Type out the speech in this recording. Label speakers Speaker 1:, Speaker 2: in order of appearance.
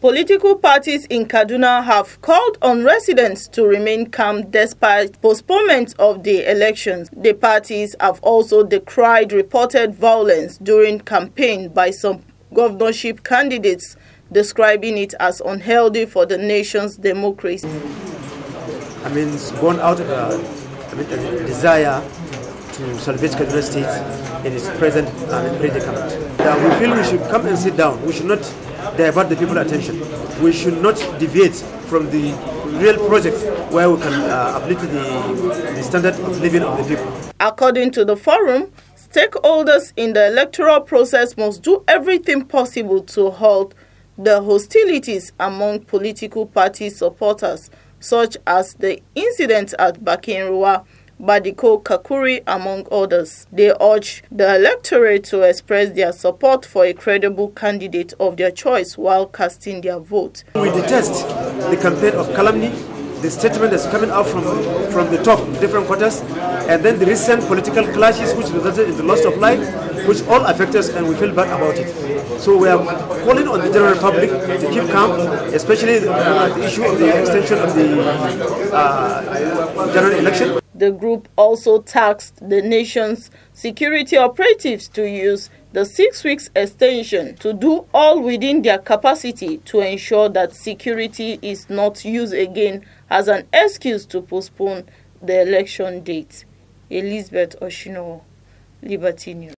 Speaker 1: Political parties in Kaduna have called on residents to remain calm despite postponement of the elections. The parties have also decried reported violence during campaign by some governorship candidates, describing it as unhealthy for the nation's democracy.
Speaker 2: I mean, it's born out of a, I a desire to salvage Kaduna State in its present and predicament. That we feel we should come and sit down. We should not divert the people's attention. We should not deviate from the real projects where we can uh, uplift the, the standard of living of the people. According to the forum,
Speaker 1: stakeholders in the electoral process must do everything possible to halt the hostilities among political party supporters, such as the incident at Bakinrua. Badiko Kakuri, among others. They urge the electorate to express their support for a credible candidate of their choice while casting their vote.
Speaker 2: We detest the campaign of calumny, the statement that's coming out from, from the top, different quarters, and then the recent political clashes which resulted in the loss of life, which all affect us and we feel bad about it. So we are calling on the general public to keep calm, especially uh, the issue of the extension of the uh,
Speaker 1: general election, the group also tasked the nation's security operatives to use the six weeks extension to do all within their capacity to ensure that security is not used again as an excuse to postpone the election date. Elizabeth Oshino, Liberty News.